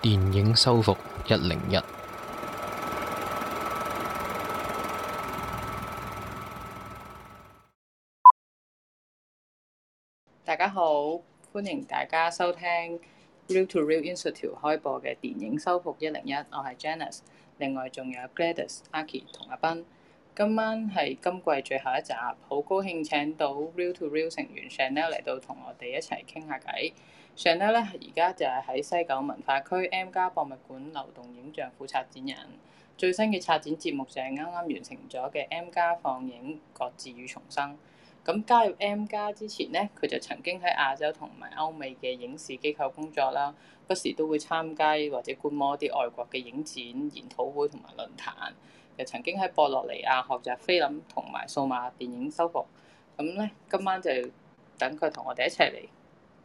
電影修復一零一，大家好，歡迎大家收聽 Real to Real Institute 開播嘅電影修復一零一，我係 Janice，另外仲有 Gladys、Archie 同阿斌，今晚係今季最後一集，好高興請到 Real to Real 成員 Chanel 嚟到同我哋一齊傾下偈。上得咧，而家就係喺西九文化區 M+ 博物館流動影像副策展人，最新嘅策展節目就係啱啱完成咗嘅 M+ 放映《各自與重生》。咁加入 M+ 之前咧，佢就曾經喺亞洲同埋歐美嘅影視機構工作啦，不時都會參加或者觀摩一啲外國嘅影展、研討會同埋論壇。又曾經喺博洛尼亞學習菲林同埋數碼電影修復。咁咧，今晚就等佢同我哋一齊嚟。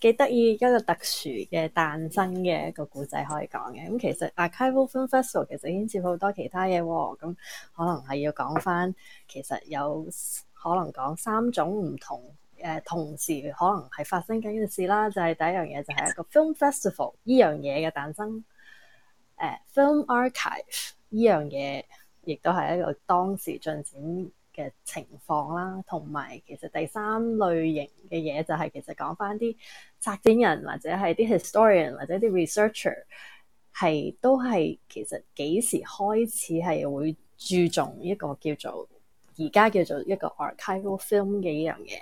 幾得意一個特殊嘅誕生嘅一個故仔可以講嘅，咁、嗯、其實 archival film festival 其實牽涉好多其他嘢喎，咁、嗯、可能係要講翻其實有可能講三種唔同誒、呃、同時可能係發生緊嘅事啦，就係、是、第一樣嘢就係一個 film festival 呢樣嘢嘅誕生、呃、film archive 呢樣嘢亦都係一個當時進展嘅情況啦，同埋其實第三類型嘅嘢就係其實講翻啲策展人或者係啲 historian 或者啲 researcher 係都係其實幾時開始係會注重一個叫做而家叫做一個 archival film 嘅一樣嘢。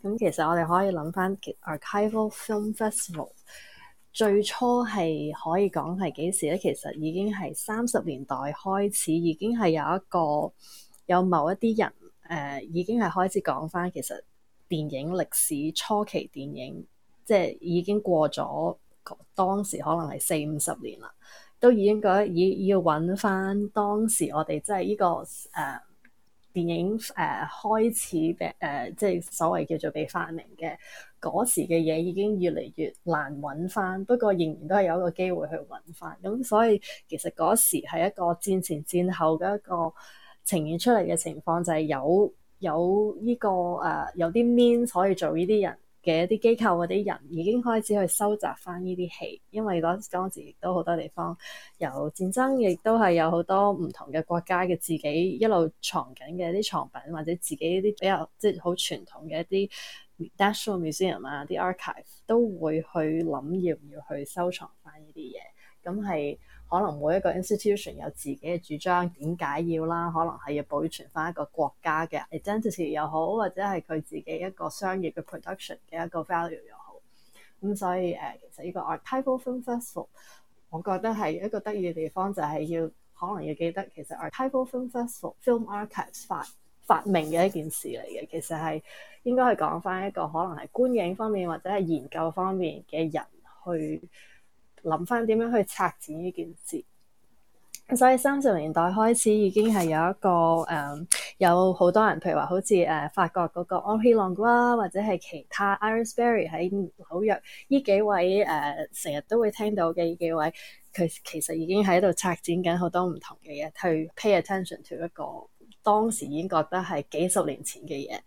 咁其實我哋可以諗翻 archival film festival 最初係可以講係幾時咧？其實已經係三十年代開始已經係有一個。有某一啲人誒、呃，已經係開始講翻，其實電影歷史初期電影，即係已經過咗當時可能係四五十年啦，都已經覺得要要揾翻當時我哋即係呢個誒、呃、電影誒、呃、開始嘅誒、呃，即係所謂叫做被發明嘅嗰時嘅嘢，已經越嚟越難揾翻。不過仍然都係有一個機會去揾翻。咁所以其實嗰時係一個戰前戰後嘅一個。呈現出嚟嘅情況就係有有呢個誒、呃、有啲面所以做呢啲人嘅一啲機構嗰啲人已經開始去收集翻呢啲戲，因為嗰陣時當時亦都好多地方有戰爭，亦都係有好多唔同嘅國家嘅自己一路藏緊嘅一啲藏品，或者自己一啲比較即係好傳統嘅一啲 national museum 啊、啲 archive 都會去諗要唔要去收藏翻呢啲嘢，咁係。可能每一個 institution 有自己嘅主張，點解要啦？可能係要保存翻一個國家嘅 identity 又好，或者係佢自己一個商業嘅 production 嘅一個 value 又好。咁所以誒、呃，其實依個 archival film festival，我覺得係一個得意嘅地方就，就係要可能要記得其實 archival film festival film archives 發發明嘅一件事嚟嘅。其實係應該係講翻一個可能係觀影方面或者係研究方面嘅人去。諗翻點樣去策展呢件事，所以三十年代開始已經係有一個誒、呃，有好多人，譬如話好似誒、呃、法國嗰個 Henri Langlois，或者係其他 Iris Barry 喺紐約呢幾位誒，成、呃、日都會聽到嘅呢幾位，佢其實已經喺度策展緊好多唔同嘅嘢，去 pay attention to 一個。當時已經覺得係幾十年前嘅嘢，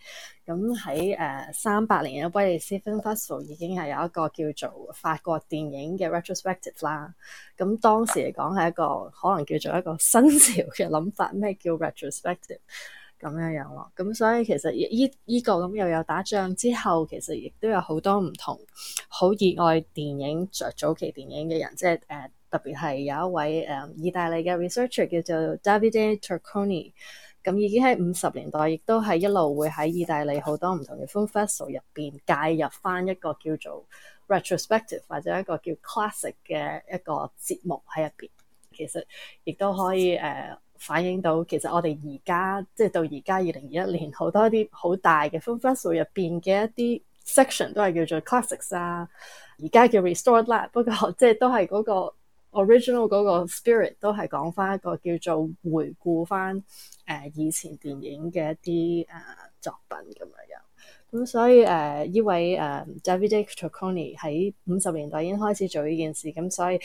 咁喺誒三百年嘅威尼斯 Festival 已經係有一個叫做法國電影嘅 retrospective 啦。咁當時嚟講係一個可能叫做一個新潮嘅諗法，咩叫 retrospective 咁樣樣咯。咁所以其實依依、這個咁又有打仗之後，其實亦都有好多唔同好熱愛電影、著早期電影嘅人，即係誒、呃、特別係有一位誒、呃、意大利嘅 researcher 叫做 David Turconi 咁已經喺五十年代，亦都係一路會喺意大利好多唔同嘅 film festival 入邊，介入翻一個叫做 retrospective 或者一個叫 classic 嘅一個節目喺入邊。其實亦都可以誒、uh, 反映到，其實我哋而家即係到而家二零二一年，好多啲好大嘅 film festival 入邊嘅一啲 section 都係叫做 classics 啊，而家叫 restored 啦。不過即係都係嗰、那個。original 嗰個 spirit 都係講翻一個叫做回顧翻誒以前電影嘅一啲誒、呃、作品咁嘅樣，咁、嗯、所以誒呢、呃、位誒 David、呃、d Turconi 喺五十年代已經開始做呢件事，咁、嗯、所以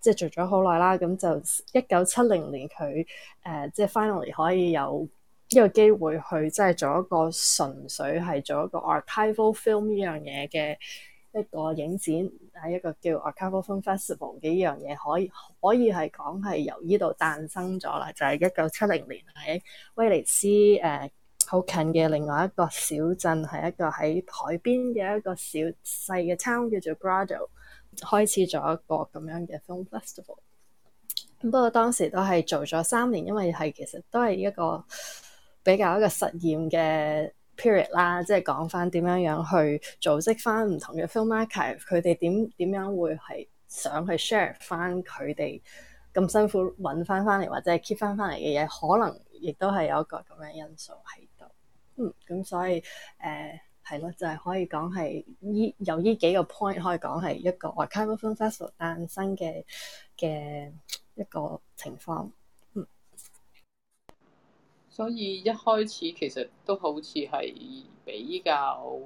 即係做咗好耐啦，咁、嗯、就一九七零年佢誒、呃、即係 finally 可以有呢個機會去即係做一個純粹係做一個 archival film 呢樣嘢嘅。一個影展係一個叫 Archival Film Festival 幾樣嘢，可以可以係講係由呢度誕生咗啦。就係一九七零年喺威尼斯誒好、uh，近嘅另外一個小鎮，係一個喺海邊嘅一個小細嘅 town 叫做 Grado，開始咗一個咁樣嘅 film festival。咁不過當時都係做咗三年，因為係其實都係一個比較一個實驗嘅。period 啦，即係講翻點樣樣去組織翻唔同嘅 film market，佢哋點點樣會係想去 share 翻佢哋咁辛苦揾翻翻嚟或者係 keep 翻翻嚟嘅嘢，可能亦都係有一個咁嘅因素喺度。嗯，咁所以誒係咯，就係、是、可以講係依由呢幾個 point 可以講係一個 archival film festival 誕生嘅嘅一個情況。所以一開始其實都好似係比較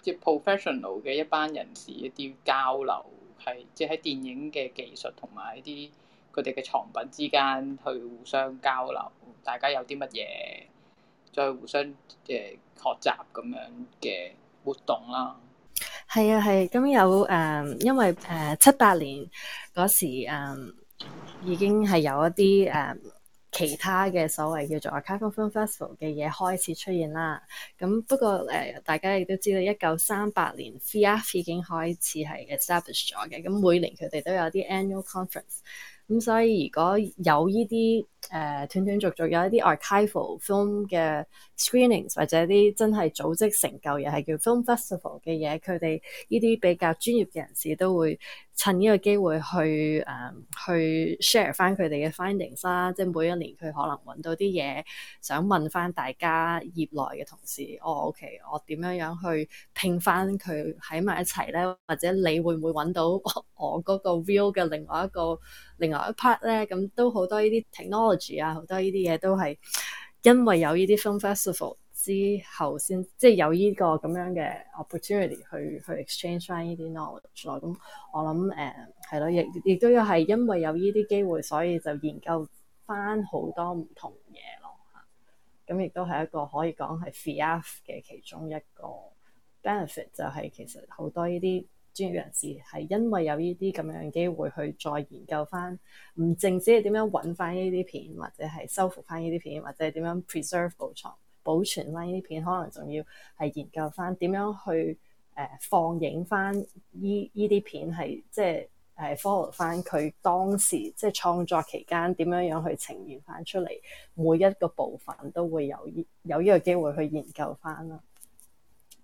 即係 professional 嘅一班人士一啲交流，係即係喺電影嘅技術同埋一啲佢哋嘅藏品之間去互相交流，大家有啲乜嘢再互相誒、呃、學習咁樣嘅活動啦。係啊，係咁、啊、有誒、嗯，因為誒、呃、七八年嗰時、嗯、已經係有一啲誒。嗯其他嘅所謂叫做 a carbon Festival 嘅嘢開始出現啦。咁不過、呃、大家亦都知道一九三八年、VR、f a 已經開始係 establish 咗嘅。每年佢哋都有啲 annual conference。咁所以如果有呢啲誒、uh, 斷斷續續有一啲 archival film 嘅 screenings，或者啲真係組織成就又係叫 film festival 嘅嘢，佢哋呢啲比較專業嘅人士都會趁呢個機會去誒、嗯、去 share 翻佢哋嘅 findings 啦、啊，即係每一年佢可能揾到啲嘢想問翻大家業內嘅同事，我、oh, OK 我點樣樣去拼翻佢喺埋一齊咧？或者你會唔會揾到我，我個 view 嘅另外一個另外一 part 咧？咁都好多呢啲 technology。啊！好多呢啲嘢都係因為有呢啲 film festival 之後，先即係有呢個咁樣嘅 opportunity 去去 exchange 翻呢啲 knowledge、啊。咁我諗誒係咯，亦、uh, 亦都要係因為有呢啲機會，所以就研究翻好多唔同嘢咯嚇。咁亦都係一個可以講係 free up 嘅其中一個 benefit，就係其實好多呢啲。專業人士係因為有呢啲咁樣嘅機會去再研究翻，唔淨止係點樣揾翻呢啲片，或者係修復翻呢啲片，或者係點樣 preserve 保存保存翻呢啲片，可能仲要係研究翻點樣去誒、呃、放映翻呢依啲片，係即係、就、誒、是呃、follow 翻佢當時即係、就是、創作期間點樣樣去呈現翻出嚟，每一個部分都會有有呢個機會去研究翻啦。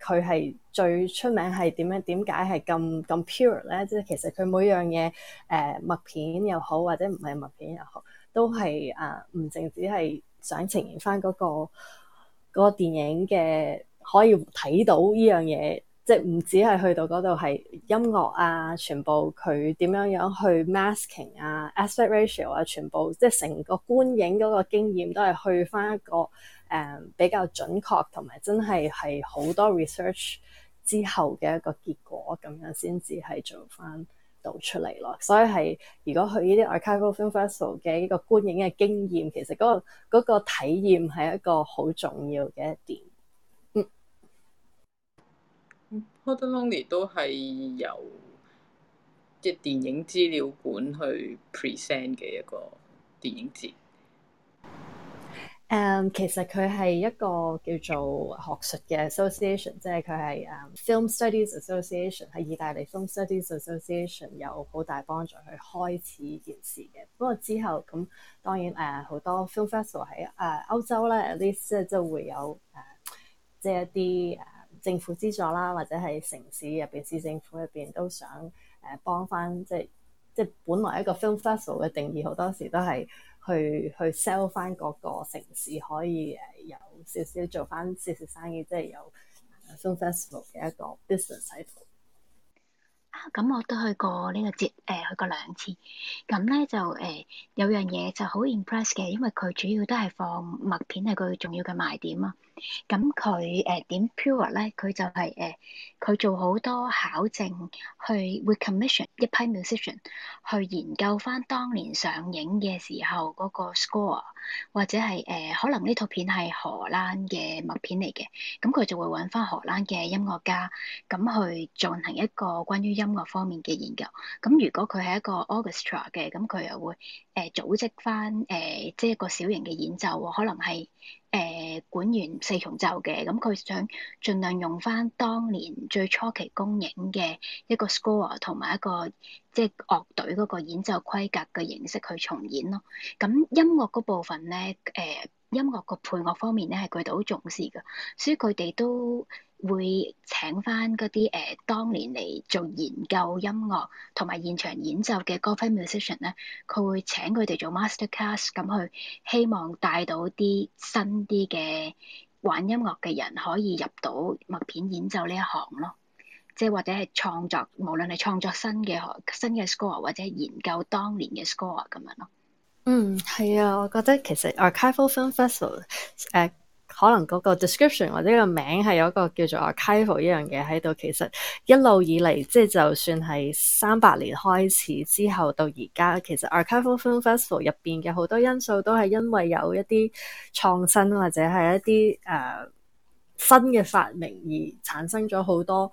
佢係最出名係點樣？點解係咁咁 pure 咧？即係其實佢每樣嘢，誒、呃、麥片又好，或者唔係麥片又好，都係啊，唔、呃、淨只係想呈現翻、那、嗰個嗰、那個、電影嘅可以睇到呢樣嘢，即係唔止係去到嗰度係音樂啊，全部佢點樣樣去 masking 啊，aspect ratio 啊，全部即係成個觀影嗰個經驗都係去翻一個。誒、um, 比較準確，同埋真係係好多 research 之後嘅一個結果，咁樣先至係做翻到出嚟咯。所以係如果去呢啲 archival film festival 嘅一個觀影嘅經驗，其實嗰、嗰個嗰、嗰個體驗係一個好重要嘅一點。嗯，Pordenone 都係由即、就是、電影資料館去 present 嘅一個電影節。誒，um, 其實佢係一個叫做學術嘅 association，即係佢係誒 Film Studies Association，喺意大利 Film Studies Association 有好大幫助去開始呢件事嘅。不過之後咁，當然誒好、呃、多 Film Festival 喺誒、呃、歐洲咧，at least 即係即係會有誒、呃，即係一啲誒政府資助啦，或者係城市入邊、市政府入邊都想誒幫翻，即係即係本來一個 Film Festival 嘅定義，好多時都係。去去 sell 翻嗰個城市，可以誒有少少做翻少少生意，即係有 successful 嘅一個 business type 啊！咁我都去過呢個節誒、呃、去過兩次，咁咧就誒、呃、有樣嘢就好 impress 嘅，因為佢主要都係放麥片係佢重要嘅賣點啊。咁佢誒點 pure 咧？佢就係、是、誒，佢、呃、做好多考證去，去會 commission 一批 musician 去研究翻當年上映嘅時候嗰個 score，或者係誒、呃、可能呢套片係荷蘭嘅默片嚟嘅，咁、嗯、佢就會揾翻荷蘭嘅音樂家，咁、嗯、去進行一個關於音樂方面嘅研究。咁、嗯、如果佢係一個 orchestra 嘅，咁、嗯、佢又會誒、呃、組織翻誒、呃，即係一個小型嘅演奏、呃、可能係。誒、呃、管弦四重奏嘅，咁、嗯、佢想盡量用翻當年最初期公映嘅一個 score 同埋一個即樂隊嗰個演奏規格嘅形式去重演咯。咁、嗯、音樂嗰部分咧，誒、呃、音樂個配樂方面咧，係佢哋好重視嘅，所以佢哋都會請翻嗰啲誒、當年嚟做研究音樂同埋現場演奏嘅歌飛 musician 咧，佢會請佢哋做 masterclass，咁去希望帶到啲新啲嘅玩音樂嘅人可以入到默片演奏呢一行咯，即係或者係創作，無論係創作新嘅學新嘅 score 或者係研究當年嘅 score 咁樣咯。嗯，係啊，我覺得其實 archival film festival 誒。可能嗰個 description 或者個名係有一個叫做 archival 一樣嘢喺度，其實一路以嚟，即、就、係、是、就算係三百年開始之後到而家，其實 archival film festival 入邊嘅好多因素都係因為有一啲創新或者係一啲誒、uh, 新嘅發明而產生咗好多。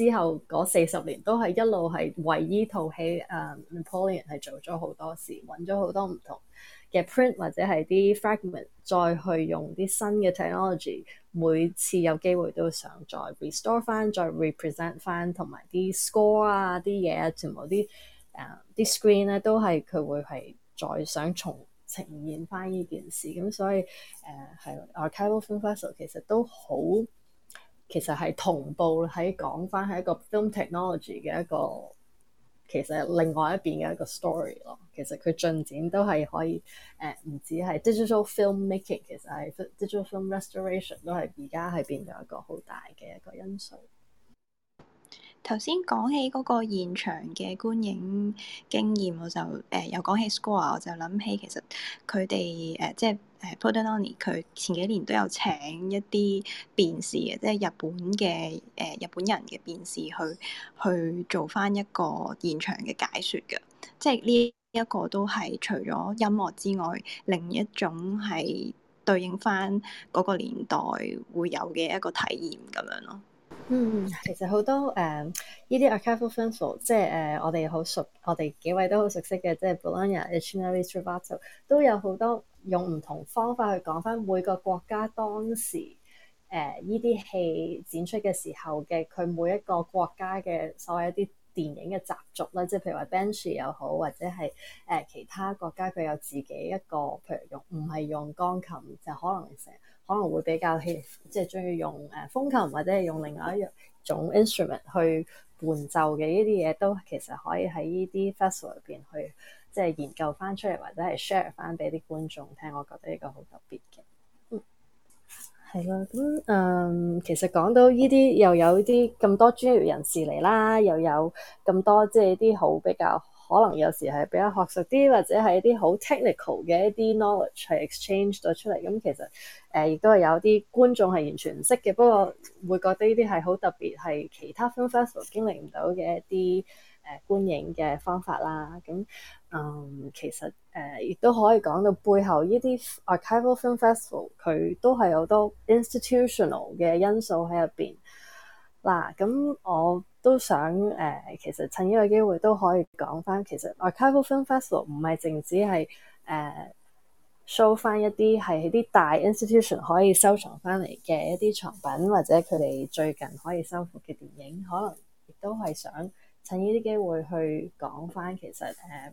之後嗰四十年都係一路係為依套戲誒 Napoleon 係做咗好多事，揾咗好多唔同嘅 print 或者係啲 fragment，再去用啲新嘅 technology，每次有機會都想再 restore 翻、再 represent 翻同埋啲 score 啊啲嘢、啊，全部啲誒啲 screen 咧、啊、都係佢會係再想重呈現翻呢件事，咁所以係係、uh, archival film festival 其實都好。其實係同步喺講返係一個 film technology 嘅一個，其實另外一邊嘅一個 story 咯。其實佢進展都係可以，誒、啊、唔止係 digital film making，其實係 digital film restoration 都係而家係變咗一個好大嘅一個因素。頭先講起嗰個現場嘅觀影經驗，我就誒、呃、又講起 Square 我就諗起其實佢哋誒即係。誒 Pordenone 佢前幾年都有請一啲辯士嘅，即係日本嘅誒、呃、日本人嘅辯士去去做翻一個現場嘅解説嘅，即係呢一個都係除咗音樂之外，另一種係對應翻嗰個年代會有嘅一個體驗咁樣咯。嗯，其實好多誒呢啲 archival festival 即係誒、uh，我哋好熟，我哋幾位都好熟悉嘅，即係 Bologna、Il Cinema Ritrovato 都有好多。用唔同方法去講翻每個國家當時誒依啲戲展出嘅時候嘅，佢每一個國家嘅所謂一啲電影嘅習俗啦，即係譬如話 Benshi 又好，或者係誒、呃、其他國家佢有自己一個，譬如用唔係用鋼琴，就可能成日可能會比較興，即係中意用誒、呃、風琴或者係用另外一種 instrument 去伴奏嘅呢啲嘢，都其實可以喺呢啲 festival 入邊去。即係研究翻出嚟，或者係 share 翻俾啲觀眾聽，我覺得呢個好特別嘅。嗯，係咯。咁誒、嗯，其實講到呢啲，又有啲咁多專業人士嚟啦，又有咁多即係啲好比較可能有時係比較學術啲，或者係一啲好 technical 嘅一啲 knowledge 係 exchange 咗出嚟。咁、嗯、其實誒亦、呃、都係有啲觀眾係完全唔識嘅，不過會覺得呢啲係好特別，係其他 professional 經歷唔到嘅一啲誒、呃、觀影嘅方法啦。咁 Um, 呃、festival, 嗯、呃，其實誒亦都可以講到背後呢啲 archival film festival，佢都係好多 institutional 嘅因素喺入邊。嗱。咁我都想誒其實趁呢個機會都可以講翻，其實 archival film festival 唔係淨止係誒 show 翻一啲係啲大 institution 可以收藏翻嚟嘅一啲藏品，或者佢哋最近可以修復嘅電影，可能亦都係想趁呢啲機會去講翻其實誒。呃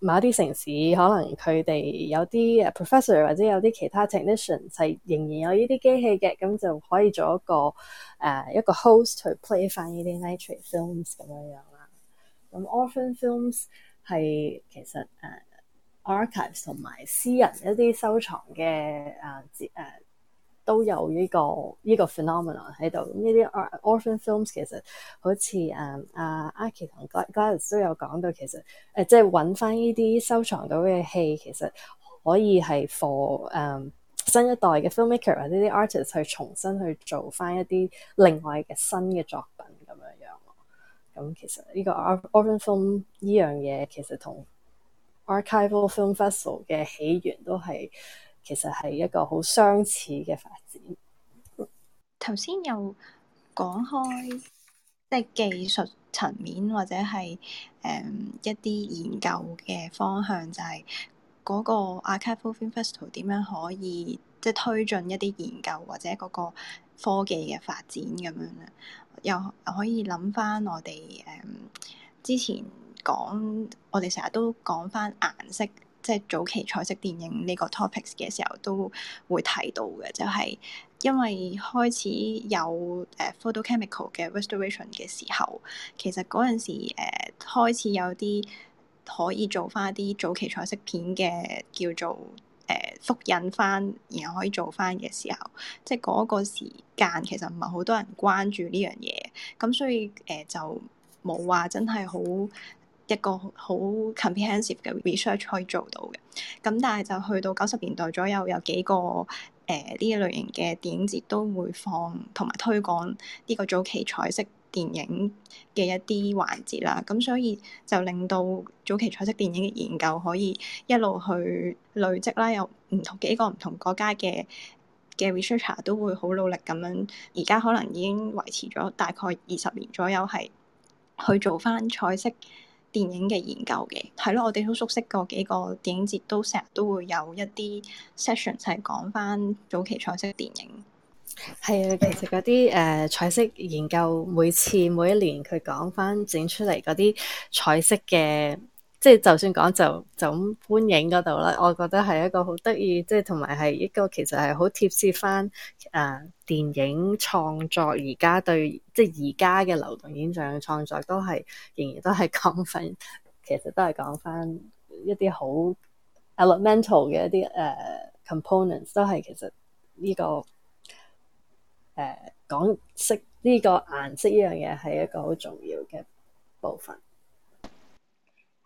某啲城市，可能佢哋有啲 professor 或者有啲其他 technician 係仍然有呢啲機器嘅，咁就可以做一個誒、呃、一個 host 去 play 翻呢啲 nitrate films 咁樣樣啦。咁 orphan films 係其實誒、呃、archives 同埋私人一啲收藏嘅誒誒。呃都有呢、這個呢、這個 phenomenon 喺度。咁呢啲 orphan films 其實好似阿、um, uh, Aki 同 Gladys 都有講到，其實誒即係揾翻呢啲收藏到嘅戲，其實可以係 for 誒、um, 新一代嘅 filmmaker 或者啲 artist 去重新去做翻一啲另外嘅新嘅作品咁樣樣。咁、嗯、其實呢個 orphan film 呢樣嘢其實同 archival film festival 嘅起源都係。其實係一個好相似嘅發展。頭先又講開，即係技術層面或者係誒、嗯、一啲研究嘅方向，就係、是、嗰個 archival infrastructure 點樣可以即係推進一啲研究或者嗰個科技嘅發展咁樣啦。又可以諗翻我哋誒、嗯、之前講，我哋成日都講翻顏色。即係早期彩色電影呢個 topics 嘅時候都會睇到嘅，就係、是、因為開始有誒、uh, photochemical 嘅 restoration 嘅時候，其實嗰陣時誒、uh, 開始有啲可以做翻一啲早期彩色片嘅叫做誒、uh, 複印翻，然後可以做翻嘅時候，即係嗰個時間其實唔係好多人關注呢樣嘢，咁所以誒、uh, 就冇話真係好。一個好 comprehensive 嘅 research 可以做到嘅。咁，但係就去到九十年代左右，有幾個誒呢一類型嘅電影節都會放同埋推廣呢個早期彩色電影嘅一啲環節啦。咁所以就令到早期彩色電影嘅研究可以一路去累積啦。有唔同幾個唔同國家嘅嘅 researcher 都會好努力咁樣。而家可能已經維持咗大概二十年左右，係去做返彩色。電影嘅研究嘅，係咯，我哋都熟悉嗰幾個電影節，都成日都會有一啲 session 就係講翻早期彩色電影。係啊，其實嗰啲誒彩色研究，每次每一年佢講翻整出嚟嗰啲彩色嘅。即係就算講就就咁觀影度啦，我覺得係一個好得意，即係同埋係一個其實係好貼切翻誒電影創作而家對即係而家嘅流動影像嘅創作都係仍然都係講翻，其實都係講翻一啲好 elemental 嘅一啲誒、呃、components，都係其實呢、這個誒講色呢個顏色呢樣嘢係一個好重要嘅部分。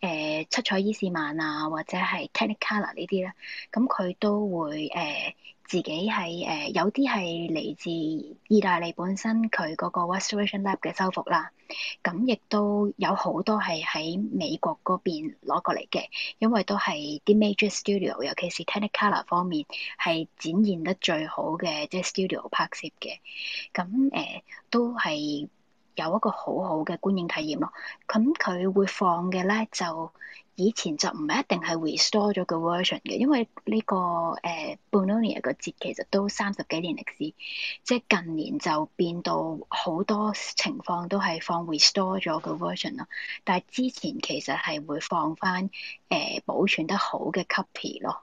誒七、呃、彩伊士曼啊，或者係 Technicolor 呢啲咧，咁、嗯、佢都會誒、呃、自己係誒、呃、有啲係嚟自意大利本身佢嗰個 Restoration Lab 嘅修復啦，咁、嗯、亦都有好多係喺美國嗰邊攞過嚟嘅，因為都係啲 major studio，尤其是 Technicolor 方面係展現得最好嘅，即、就、係、是、studio 拍攝嘅，咁、嗯、誒、嗯嗯、都係。有一個好好嘅觀影體驗咯，咁佢會放嘅咧就以前就唔係一定係 restore 咗個 version 嘅，因為呢、這個 Bologna 個節其實都三十幾年歷史，即係近年就變到好多情況都係放 restore 咗個 version 啦，但係之前其實係會放翻誒、呃、保存得好嘅 copy 咯。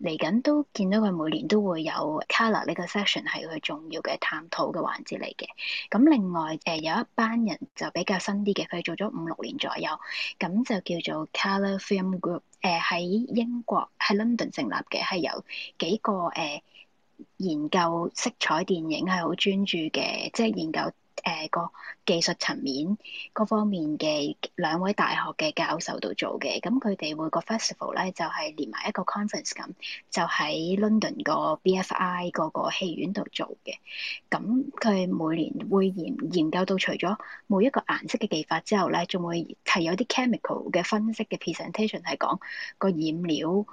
嚟緊都見到佢每年都會有 colour 呢個 section 係佢重要嘅探討嘅環節嚟嘅。咁另外誒、呃、有一班人就比較新啲嘅，佢做咗五六年左右，咁就叫做 Colour Film Group 誒、呃、喺英國喺 London 成立嘅，係有幾個誒、呃、研究色彩電影係好專注嘅，即係研究。誒、呃、個技術層面各方面嘅兩位大學嘅教授度做嘅，咁佢哋每個 festival 咧就係、是、連埋一個 conference 咁，就喺 London 個 BFI 嗰個戲院度做嘅。咁佢每年會研研究到除咗每一個顏色嘅技法之後咧，仲會係有啲 chemical 嘅分析嘅 presentation 係講個染料。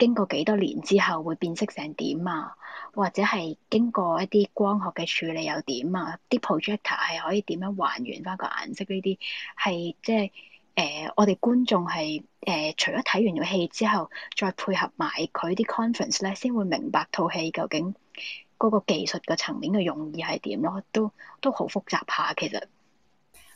經過幾多年之後會變色成點啊？或者係經過一啲光學嘅處理又點啊？啲 projector 係可以點樣還原翻個顏色呢啲？係即係誒，我哋觀眾係誒，除咗睇完咗戲之後，再配合埋佢啲 conference 咧，先會明白套戲究竟嗰個技術嘅層面嘅用意係點咯，都都好複雜下其實。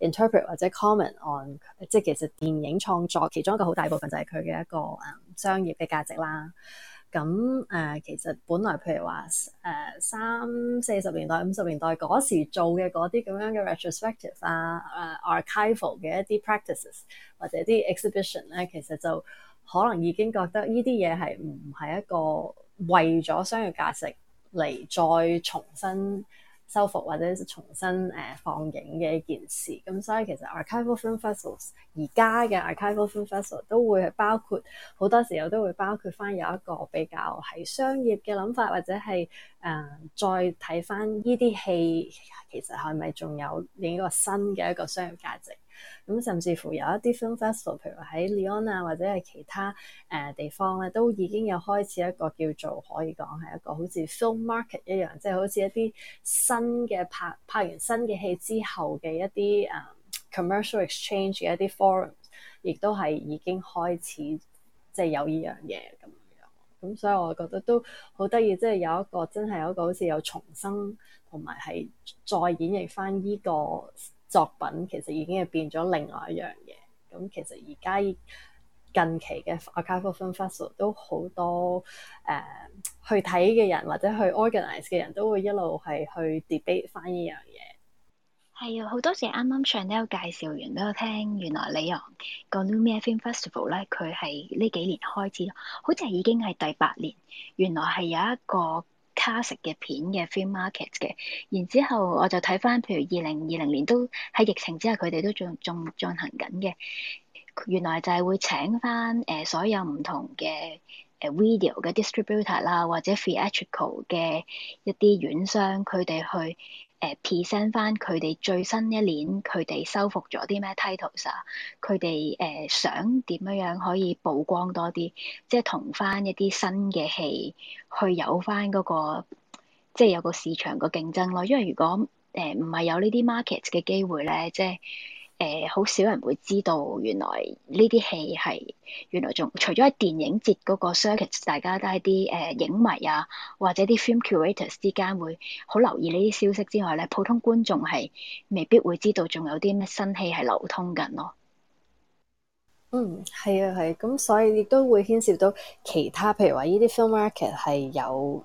interpret 或者 comment on，即係其實電影創作其中一個好大部分就係佢嘅一個誒、嗯、商業嘅價值啦。咁誒、呃、其實本來譬如話誒、呃、三四十年代、五十年代嗰時做嘅嗰啲咁樣嘅 retrospective 啊、誒 archival 嘅一啲 practices 或者啲 exhibition 咧、啊，其實就可能已經覺得呢啲嘢係唔係一個為咗商業價值嚟再重新修復或者重新誒、呃、放映嘅一件事，咁所以其實 archival film festivals 而家嘅 archival film festivals 都會係包括好多時候都會包括翻有一個比較係商業嘅諗法，或者係誒、呃、再睇翻呢啲戲其實係咪仲有另一個新嘅一個商業價值？咁甚至乎有一啲 film festival，譬如喺 Leon 啊，或者係其他誒地方咧，都已經有開始一個叫做可以講係一個好似 film market 一樣，即係好似一啲新嘅拍拍完新嘅戲之後嘅一啲誒、um, commercial exchange 嘅一啲 forums，亦都係已經開始即係有呢樣嘢咁。咁、嗯、所以我覺得都好得意，即係有一個真係有一個好似有重生同埋係再演繹翻依個作品，其實已經係變咗另外一樣嘢。咁、嗯、其實而家近期嘅 Archival Film Festival 都好多誒去睇嘅人或者去 organize 嘅人都會一路係去 debate 翻呢樣嘢。係啊，好多謝啱啱 Chanel 介紹完俾我聽，原來里昂個 New Media Film Festival 咧，佢係呢幾年開始，好似係已經係第八年。原來係有一個卡式嘅片嘅 film market 嘅，然之後我就睇翻，譬如二零二零年都喺疫情之下，佢哋都仲仲進行緊嘅。原來就係會請翻誒、呃、所有唔同嘅誒、呃、video 嘅 distributor 啦，或者 theatrical 嘅一啲院商，佢哋去。誒 present 翻佢哋最新一年佢哋修復咗啲咩 titles 啊？佢哋誒，想點樣樣可以曝光多啲，即係同翻一啲新嘅戲去有翻嗰個，即係有個市場個競爭咯。因為如果誒唔係有呢啲 market 嘅機會咧，即係。誒，好、呃、少人會知道原來呢啲戲係原來仲除咗喺電影節嗰個 circuit，大家都係啲誒影迷啊，或者啲 film curators 之間會好留意呢啲消息之外咧，普通觀眾係未必會知道仲有啲咩新戲係流通緊咯。嗯，係啊，係、啊，咁所以亦都會牽涉到其他，譬如話呢啲 film market 係有。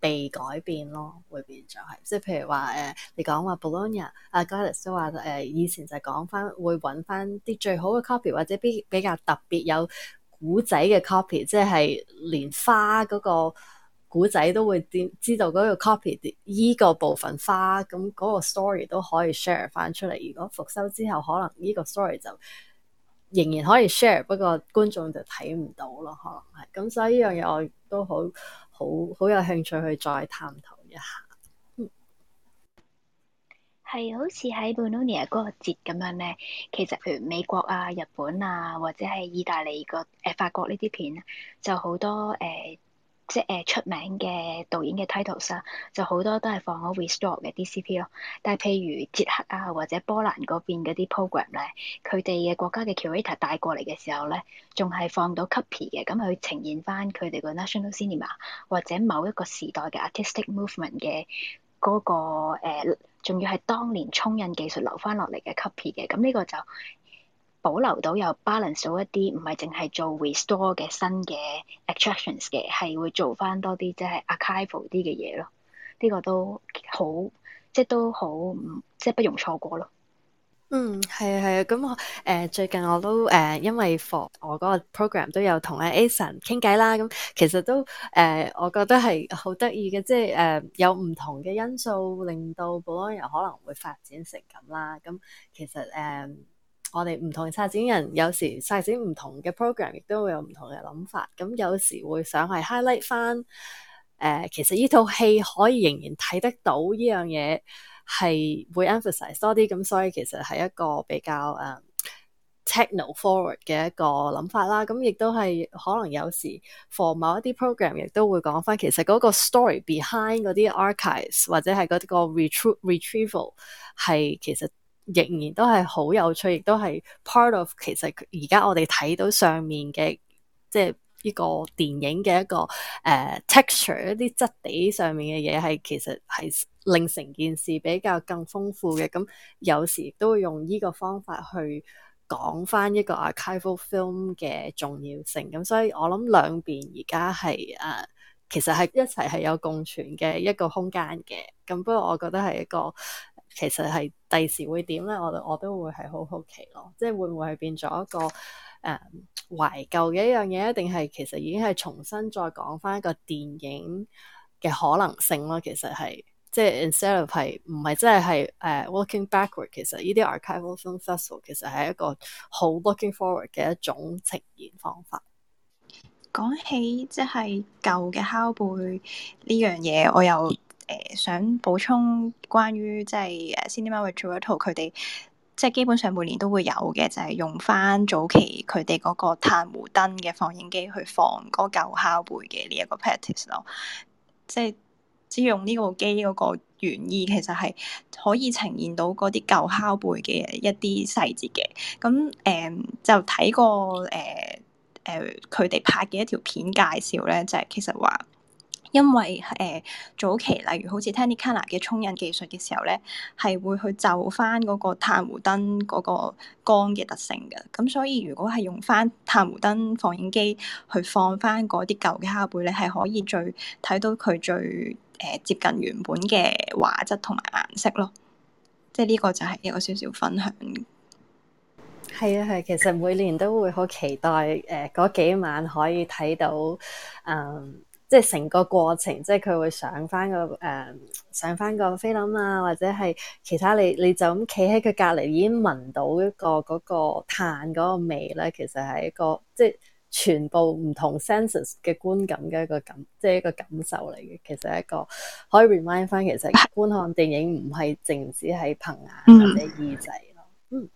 被改變咯，會變咗。係即係譬如話誒、呃，你講話 Bologna 啊，Gladys 都話誒、呃，以前就係講翻會揾翻啲最好嘅 copy、或者比比較特別有古仔嘅 copy，即係連花嗰個古仔都會，點知道嗰個 copy 啲呢個部分花，咁嗰個 story 都可以 share 翻出嚟。如果復修之後，可能呢個 story 就仍然可以 share，不過觀眾就睇唔到咯，可能係咁，所以呢樣嘢我都好。好好有興趣去再探討一下，係、mm. 好似喺 Bologna 嗰個節咁樣咧。其實譬如美國啊、日本啊，或者係意大利個誒、呃、法國呢啲片，就好多誒。呃即係、呃、出名嘅導演嘅 titles 啦、啊，就好多都係放咗 restore 嘅 DCP 咯。但係譬如捷克啊或者波蘭嗰邊嗰啲 program 咧，佢哋嘅國家嘅 curator 帶過嚟嘅時候咧，仲係放到 copy 嘅，咁佢呈現翻佢哋個 national cinema 或者某一個時代嘅 artistic movement 嘅嗰個、呃、仲要係當年沖印技術留翻落嚟嘅 copy 嘅，咁呢個就。保留到有 balance 到一啲，唔係淨係做 restore 嘅新嘅 attractions 嘅，係會做翻多啲即係 archival 啲嘅嘢咯。呢、這個都好，即係都好，即係不容錯過咯。嗯，係啊，係啊，咁、呃、我最近我都誒、呃、因為 for 我嗰個 program 都有同阿 Ason 傾偈啦，咁、嗯、其實都誒、呃、我覺得係好得意嘅，即係誒、呃、有唔同嘅因素令到保安遊可能會發展成咁啦。咁、嗯、其實誒。呃我哋唔同嘅策展人，有時策展唔同嘅 program，亦都會有唔同嘅諗法。咁有時會想係 highlight 翻，誒、呃、其實呢套戲可以仍然睇得到呢樣嘢，係會 emphasize 多啲。咁所以其實係一個比較誒、uh, techno forward 嘅一個諗法啦。咁亦都係可能有時 for 某一啲 program，亦都會講翻，其實嗰個 story behind 嗰啲 archives 或者係係嗰個 retrieval 係其實。仍然都係好有趣，亦都係 part of 其實而家我哋睇到上面嘅，即係呢個電影嘅一個誒、uh, texture 一啲質地上面嘅嘢，係其實係令成件事比較更豐富嘅。咁有時都會用呢個方法去講翻一個 archival film 嘅重要性。咁所以我諗兩邊而家係誒，uh, 其實係一齊係有共存嘅一個空間嘅。咁不過我覺得係一個。其實係第時會點咧，我我都會係好好奇咯。即係會唔會係變咗一個誒、嗯、懷舊嘅一樣嘢，定係其實已經係重新再講翻一個電影嘅可能性咯？其實係即係 instead of 係唔係真係係誒 working backward。其實呢啲 archival film festival 其實係一個好 looking forward 嘅一種呈現方法。講起即係舊嘅拷貝呢樣嘢，我又。誒想補充關於即係誒 Cinema Retro，佢哋即係基本上每年都會有嘅，就係、是、用翻早期佢哋嗰個碳弧燈嘅放映機去放嗰舊拷貝嘅呢一個 practice 咯。即係即用呢個機嗰個原意，其實係可以呈現到嗰啲舊拷貝嘅一啲細節嘅。咁誒、嗯、就睇過誒誒佢哋拍嘅一條片介紹咧，就係、是、其實話。因為誒、呃、早期，例如好似 Technicolor 嘅沖印技術嘅時候咧，係會去就翻嗰個炭弧燈嗰個光嘅特性嘅。咁所以如果係用翻炭弧燈放映機去放翻嗰啲舊嘅膠片咧，係可以最睇到佢最誒、呃、接近原本嘅畫質同埋顏色咯。即係呢個就係一個少少分享。係啊係，其實每年都會好期待誒嗰、呃、幾晚可以睇到嗯。呃即係成個過程，即係佢會上翻個誒、嗯，上翻個菲林啊，或者係其他，你你就咁企喺佢隔離已經聞到一個嗰個碳嗰個味咧，其實係一個即係全部唔同 senses 嘅觀感嘅一個感，即係一個感受嚟嘅。其實係一個可以 remind 翻，其實觀看電影唔係淨止係憑眼或者耳仔咯。嗯，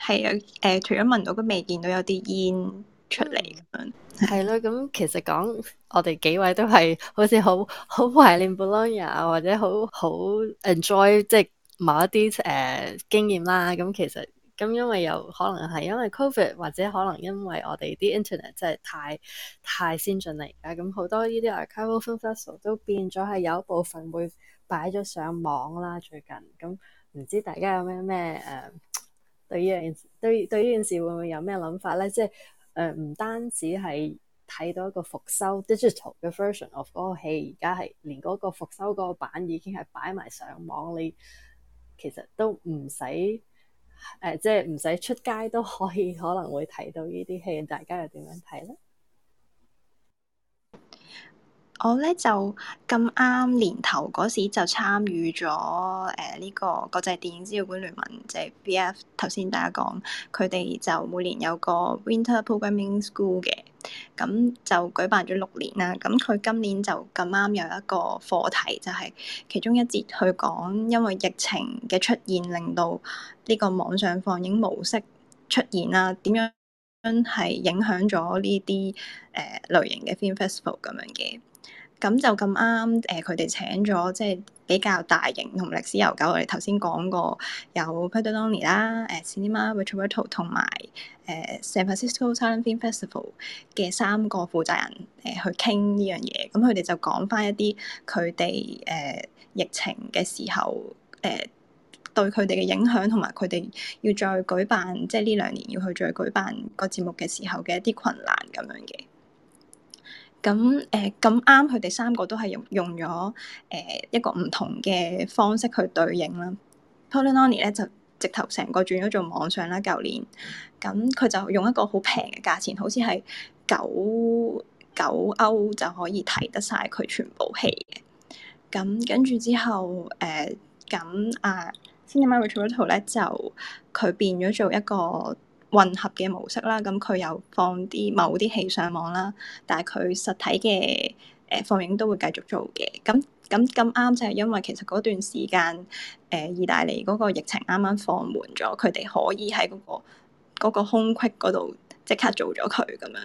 係、嗯、啊，誒、呃，除咗聞到個味，見到有啲煙。出嚟，係咯， 咁其實講我哋幾位都係好似好好懷念 Bologna 或者好好 enjoy 即係某一啲誒、呃、經驗啦。咁其實咁因為又可能係因為 covid，或者可能因為我哋啲 internet 真係太太先進嚟噶，咁好多呢啲 archival film festival 都變咗係有一部分會擺咗上網啦。最近咁唔知大家有咩咩誒對呢樣對對呢件事會唔會有咩諗法咧？即係。誒唔、uh，單止係睇到一個複修 digital 嘅 version of movie，個戲，而家係連個複修個版，已經係擺埋上網，你其實都唔使誒，即係唔使出街都可以可能會睇到呢啲戲，大家又點樣睇咧？我咧就咁啱年頭嗰時就參與咗誒呢個國際電影資料館聯盟，即係 BF。頭先大家講佢哋就每年有個 Winter Programming School 嘅，咁就舉辦咗六年啦。咁佢今年就咁啱有一個課題，就係其中一節去講，因為疫情嘅出現令到呢個網上放映模式出現啦，點樣係影響咗呢啲誒類型嘅 Film Festival 咁樣嘅。咁就咁啱，誒佢哋請咗即係比較大型同歷史悠久，我哋頭先講過有 Pordenone 啦、誒 Cinema Ritrovato 同埋誒、呃、San Francisco Silent Film Festival 嘅三個負責人誒、呃、去傾呢樣嘢。咁佢哋就講翻一啲佢哋誒疫情嘅時候誒、呃、對佢哋嘅影響，同埋佢哋要再舉辦即係呢兩年要去再舉辦個節目嘅時候嘅一啲困難咁樣嘅。咁誒咁啱，佢哋、呃、三個都係用用咗誒、呃、一個唔同嘅方式去對應啦。Polynoni 咧就直頭成個轉咗做網上啦，舊年。咁佢就用一個好平嘅價錢，好似係九九歐就可以睇得晒佢全部戲嘅。咁跟住之後誒，咁、呃、啊，仙女貓佢做嗰套咧就佢變咗做一個。混合嘅模式啦，咁佢又放啲某啲戲上網啦，但係佢實體嘅誒、呃、放映都會繼續做嘅。咁咁咁啱就係因為其實嗰段時間誒、呃，意大利嗰個疫情啱啱放緩咗，佢哋可以喺嗰、嗰個嗰個空隙嗰度即刻做咗佢咁樣。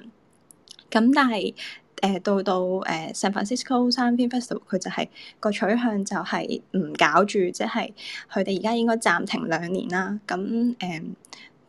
咁但係誒、呃、到到誒、呃、San Francisco San Film Festival，佢就係、係嗰個取向就係唔搞住，即係佢哋而家應該暫停兩年啦。咁誒。呃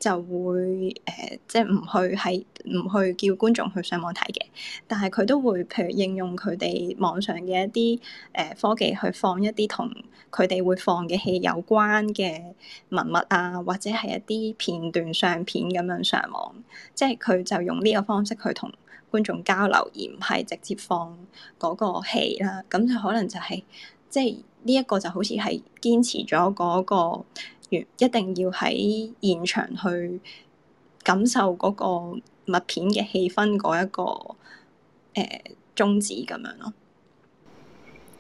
就會誒、呃，即係唔去係唔去叫觀眾去上網睇嘅，但係佢都會譬如應用佢哋網上嘅一啲誒、呃、科技去放一啲同佢哋會放嘅戲有關嘅文物啊，或者係一啲片段相片咁樣上網，即係佢就用呢個方式去同觀眾交流，而唔係直接放嗰個戲啦。咁就可能就係、係、即係呢一個就好似係堅持咗嗰、嗰個。一定要喺現場去感受嗰個麥片嘅氣氛嗰、那、一個誒、呃、宗旨咁樣咯。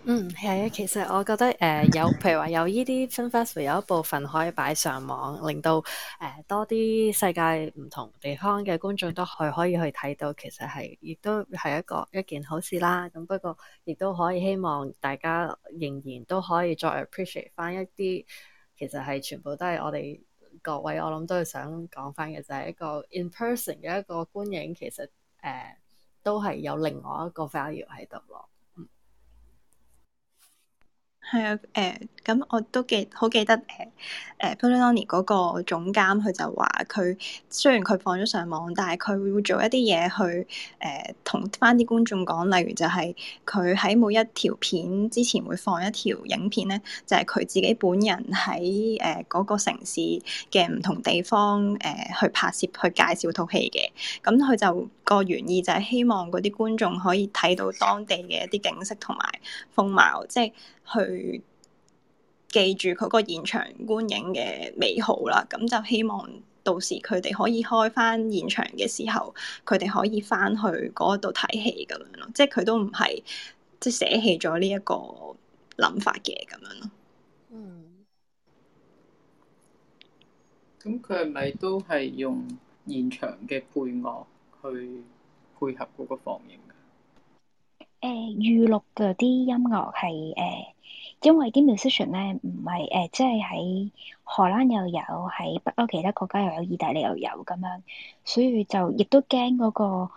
嗯，係啊，其實我覺得誒、呃、有，譬如話有依啲 function 有一部分可以擺上網，令到誒、呃、多啲世界唔同地方嘅觀眾都去可，可以去睇到，其實係亦都係一個一件好事啦。咁不過亦都可以希望大家仍然都可以再 appreciate 翻一啲。其實係全部都係我哋各位，我諗都係想講翻嘅，就係一個 in person 嘅一個觀影，其實誒、uh, 都係有另外一個 value 喺度咯。係啊，誒咁、 嗯、我都記好記得誒誒《Polaroid》嗰個總監，佢就話佢雖然佢放咗上網，但係佢會做一啲嘢去誒同翻啲觀眾講，例如就係佢喺每一條片之前會放一條影片咧，就係、是、佢自己本人喺誒嗰個城市嘅唔同地方誒、呃、去拍攝去介紹套戲嘅。咁佢就個原意就係希望嗰啲觀眾可以睇到當地嘅一啲景色同埋風貌，即、就、係、是。去記住佢個現場觀影嘅美好啦，咁就希望到時佢哋可以開翻現場嘅時候，佢哋可以翻去嗰度睇戲咁樣咯。即係佢都唔係即係捨棄咗呢一個諗法嘅咁樣咯。嗯，咁佢係咪都係用現場嘅配樂去配合嗰個放映？誒預、uh, 錄嗰啲音樂係誒。Uh, 因為啲 musician 咧唔係誒，即係喺荷蘭又有，喺北歐其他國家又有，意大利又有咁樣，所以就亦都驚嗰、那個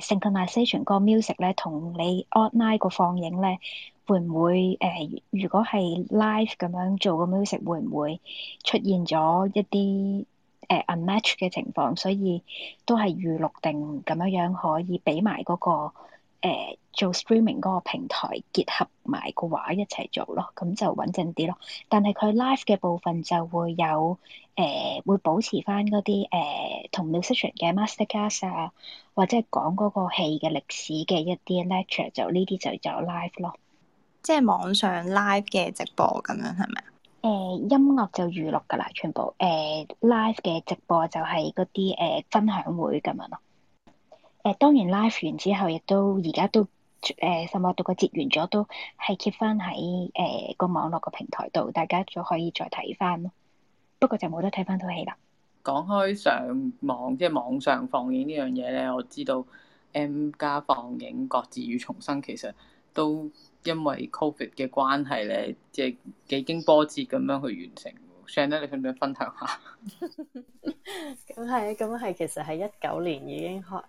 synchronization 嗰個 music 咧，同、呃、你 online 個放映咧，會唔會誒、呃？如果係 live 咁樣做個 music，會唔會出現咗一啲誒、呃、unmatched 嘅情況？所以都係預錄定咁樣樣可以俾埋嗰個。誒做 streaming 嗰個平台結合埋個話一齊做咯，咁就穩陣啲咯。但係佢 live 嘅部分就會有誒、呃，會保持翻嗰啲誒同、呃、musician 嘅 masterclass 啊，或者係講嗰個戲嘅歷史嘅一啲 lecture，就呢啲就就 live 咯。即係網上 live 嘅直播咁樣係咪啊？誒、呃、音樂就預錄㗎啦，全部誒、呃、live 嘅直播就係嗰啲誒分享會咁樣咯。誒、呃、當然 live 完之後，亦都而家都誒十幕獨個截完咗，都係 keep 翻喺誒個網絡個平台度，大家就可以再睇翻咯。不過就冇得睇翻套戲啦。講開上網即係、就是、網上放映呢樣嘢咧，我知道 M+ 放映《各自與重生》，其實都因為 COVID 嘅關係咧，即、就、係、是、幾經波折咁樣去完成。share 咧，你可唔可以分享下？咁係，咁 係，其實係一九年已經學誒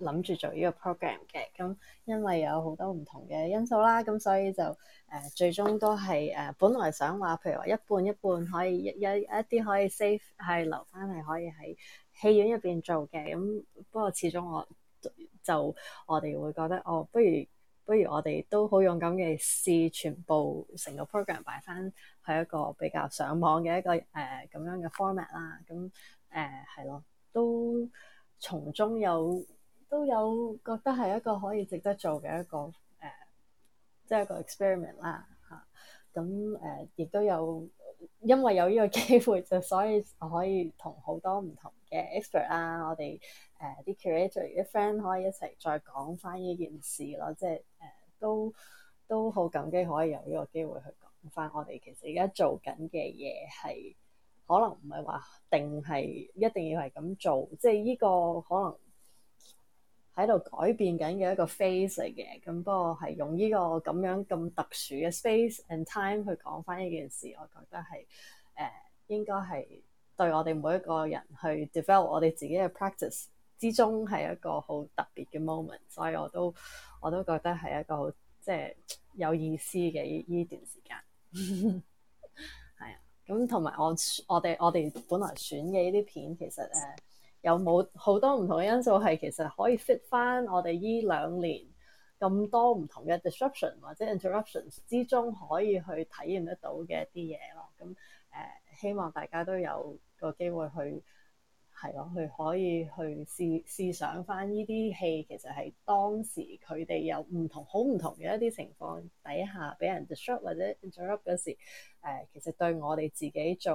諗住做呢個 program 嘅。咁因為有好多唔同嘅因素啦，咁、嗯、所以就誒、呃、最終都係誒、呃、本來想話，譬如話一半一半可以一一啲可以 save 係留翻，係可以喺戲院入邊做嘅。咁、嗯、不過始終我就我哋會覺得，我、哦、不如。不如我哋都好勇敢嘅試，全部成個 program 擺翻係一個比較上網嘅一個誒咁、呃、樣嘅 format 啦。咁誒係咯，都從中有都有覺得係一個可以值得做嘅一個誒，即、呃、係、就是、一個 experiment 啦嚇。咁誒亦都有，因為有呢個機會，就所以可以同好多唔同嘅 expert 啦、啊，我哋。誒啲 creator 啲 friend 可以一齊再講翻呢件事咯，即係誒、uh, 都都好感激可以有呢個機會去講翻我哋其實而家做緊嘅嘢係可能唔係話定係一定要係咁做，即係呢個可能喺度改變緊嘅一個 phase 嚟嘅。咁不過係用呢個咁樣咁特殊嘅 space and time 去講翻呢件事，我覺得係誒、uh, 應該係對我哋每一個人去 develop 我哋自己嘅 practice。之中係一個好特別嘅 moment，所以我都我都覺得係一個好即係有意思嘅依段時間，係 啊。咁同埋我我哋我哋本來選嘅呢啲片，其實誒有冇好多唔同嘅因素係其實可以 fit 翻我哋依兩年咁多唔同嘅 disruption 或者 interruptions 之中可以去體驗得到嘅一啲嘢咯。咁誒、呃、希望大家都有個機會去。係咯，佢可以去試試想翻呢啲戲，其實係當時佢哋有唔同好唔同嘅一啲情況底下，俾人 disrupt 或者 interrupt 嗰時、呃，其實對我哋自己做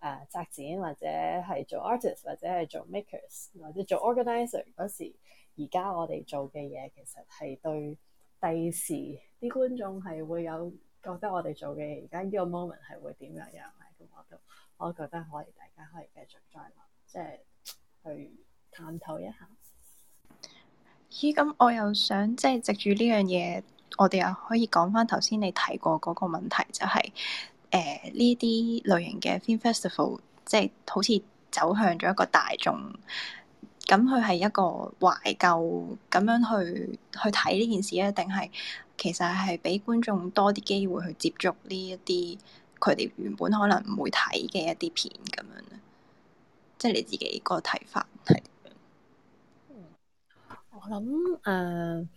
誒策、呃、展或者係做 artist 或者係做 makers 或者做 organizer 嗰時，而家我哋做嘅嘢其實係對第時啲觀眾係會有覺得我哋做嘅而家呢個 moment 係會點樣樣係咁，我都我覺得可以，大家可以繼續再即係去探討一下。咦、嗯，咁我又想即係藉住呢樣嘢，我哋又可以講翻頭先你提過個問題，就係誒呢啲類型嘅 film festival，即係好似走向咗一個大眾。咁佢係一個懷舊咁樣去去睇呢件事咧，定係其實係俾觀眾多啲機會去接觸呢一啲佢哋原本可能唔會睇嘅一啲片咁樣咧？即係你自己個睇法係點樣？我諗誒，uh,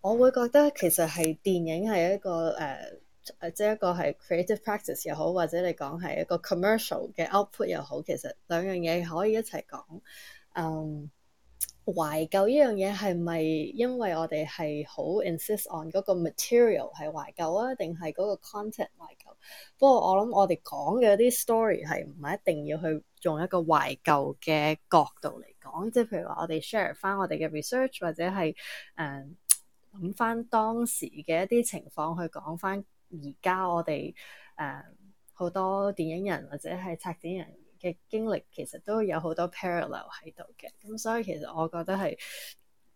我會覺得其實係電影係一個誒即係一個係 creative practice 又好，或者你講係一個 commercial 嘅 output 又好，其實兩樣嘢可以一齊講。嗯、um,，懷舊呢樣嘢係咪因為我哋係好 insist on 嗰個 material 係懷舊啊？定係嗰個 content 懷舊？不過我諗我哋講嘅啲 story 係唔係一定要去？用一個懷舊嘅角度嚟講，即係譬如話我哋 share 翻我哋嘅 research 或者係誒諗翻當時嘅一啲情況去講翻而家我哋誒好多電影人或者係策展人嘅經歷，其實都有好多 parallel 喺度嘅。咁所以其實我覺得係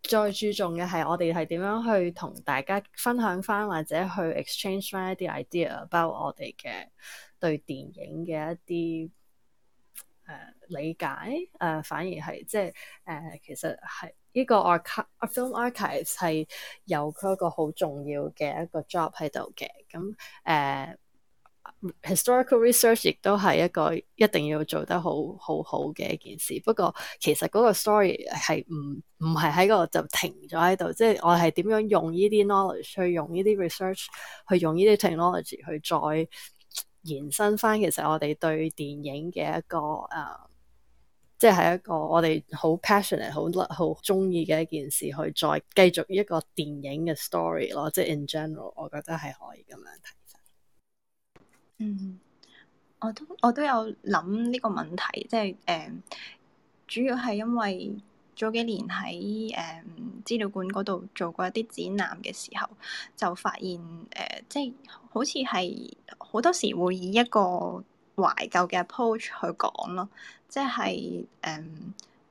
再注重嘅係我哋係點樣去同大家分享翻或者去 exchange 翻一啲 idea，包括我哋嘅對電影嘅一啲。理解誒，uh, 反而係即係誒，uh, 其實係呢個 a r c h film archives 係有佢一個好重要嘅一個 job 喺度嘅。咁誒、uh, historical research 亦都係一個一定要做得好好好嘅一件事。不過其實嗰個 story 係唔唔係喺度就停咗喺度，即係我係點樣用呢啲 knowledge 去用呢啲 research 去用呢啲 technology 去再延伸翻，其實我哋對電影嘅一個誒。Uh, 即係一個我哋好 passionate、好好中意嘅一件事，去再繼續一個電影嘅 story 咯。即係 in general，我覺得係可以咁樣睇法。嗯，我都我都有諗呢個問題，即係誒，uh, 主要係因為早幾年喺誒資料館嗰度做過一啲展覽嘅時候，就發現誒，即、uh, 係、就係、好似係好多時會以一個懷舊嘅 approach 去講咯。即係誒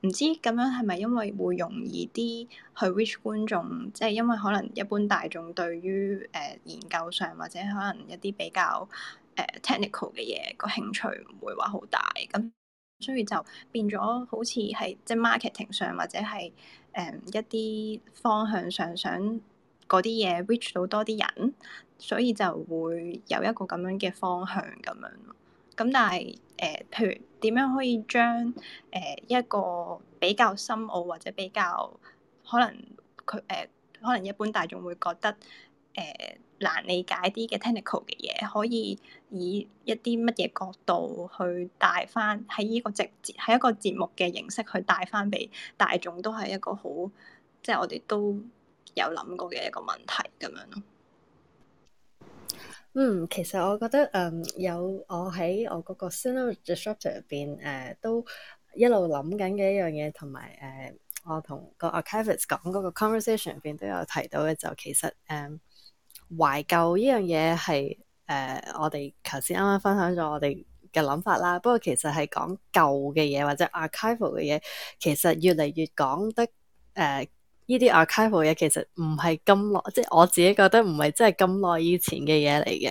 唔知咁樣係咪因為會容易啲去 reach 觀眾，即係因為可能一般大眾對於誒、呃、研究上或者可能一啲比較誒、呃、technical 嘅嘢個興趣唔會話好大，咁所以就變咗好似係即係 marketing 上或者係誒、呃、一啲方向上想嗰啲嘢 reach 到多啲人，所以就會有一個咁樣嘅方向咁樣咯。咁但係誒，譬、呃、如點樣可以將誒、呃、一個比較深奧或者比較可能佢誒、呃，可能一般大眾會覺得誒、呃、難理解啲嘅 technical 嘅嘢，可以以一啲乜嘢角度去帶翻喺呢個節，係一個節目嘅形式去帶翻俾大眾，都係一個好，即係我哋都有諗過嘅一個問題咁樣咯。嗯，其實我覺得誒、嗯，有我喺我嗰個 central disruptor 入邊誒，都一路諗緊嘅一樣嘢，同埋誒，我同個 archivist 講嗰個 conversation 入邊都有提到嘅就，其實誒、呃、懷舊呢樣嘢係誒，我哋頭先啱啱分享咗我哋嘅諗法啦。不過其實係講舊嘅嘢或者 archival 嘅嘢，其實越嚟越講得誒。呃呢啲 archive 嘢其實唔係咁耐，即係我自己覺得唔係真係咁耐以前嘅嘢嚟嘅。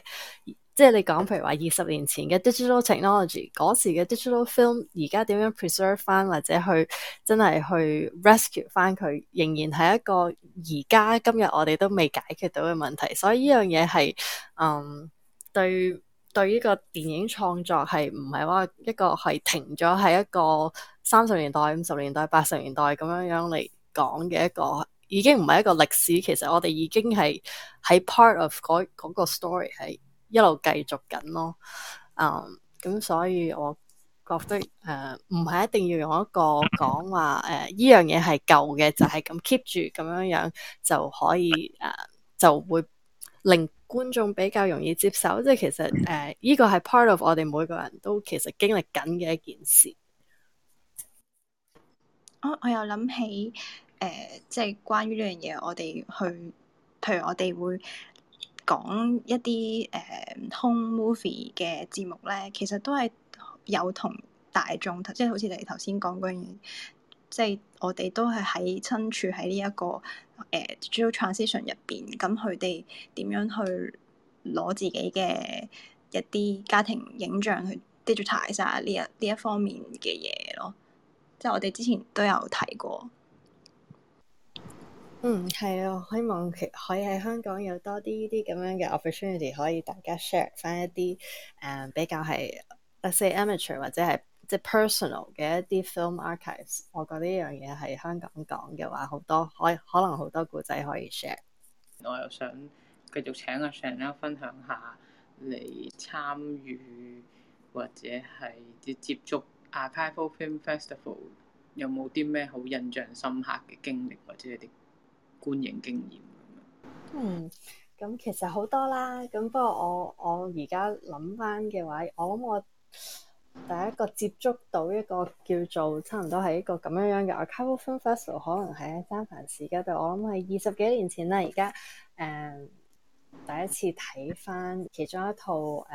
即係你講譬如話二十年前嘅 digital technology，嗰時嘅 digital film，而家點樣 preserve 翻，或者去真係去 rescue 翻佢，仍然係一個而家今日我哋都未解決到嘅問題，所以呢樣嘢係嗯，對對呢個電影創作係唔係話一個係停咗係一個三十年代五十年代八十年代咁樣樣嚟。講嘅一個已經唔係一個歷史，其實我哋已經係喺 part of 嗰嗰個 story，係一路繼續緊咯。嗯，咁所以我覺得誒，唔係一定要用一個講話誒，呢樣嘢係舊嘅就係咁 keep 住咁樣樣就可以誒，就會令觀眾比較容易接受。即係其實誒，呢個係 part of 我哋每個人都其實經歷緊嘅一件事。我我又諗起。誒、呃，即係關於呢樣嘢，我哋去，譬如我哋會講一啲誒、呃、home movie 嘅節目咧，其實都係有同大眾，即係好似你頭先講嗰樣嘢，即係我哋都係喺親處喺呢一個 digital transition 入邊，咁佢哋點樣去攞自己嘅一啲家庭影像去 digitize 啊？呢一呢一,一方面嘅嘢咯，即係我哋之前都有睇過。嗯，係啊，希望其可以喺香港有多啲呢啲咁樣嘅 opportunity，可以大家 share 翻一啲誒、呃、比較係 let's say amateur 或者係即係 personal 嘅一啲 film archives。我覺得呢樣嘢係香港講嘅話，好多可可能好多古仔可以 share。我又想繼續請阿 Sir 咧分享下你參與或者係啲接觸 Archival Film Festival 有冇啲咩好印象深刻嘅經歷或者一啲觀影經驗，嗯，咁其實好多啦，咁不過我我而家諗翻嘅話，我諗我第一個接觸到一個叫做差唔多係一個咁樣樣嘅《Archival Film Festival》，可能喺三藩市嗰度，我諗係二十幾年前啦。而家誒第一次睇翻其中一套誒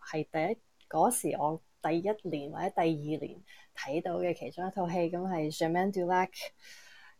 係、嗯、第一嗰時，我第一年或者第二年睇到嘅其中一套戲，咁係《Shaman Deluxe》。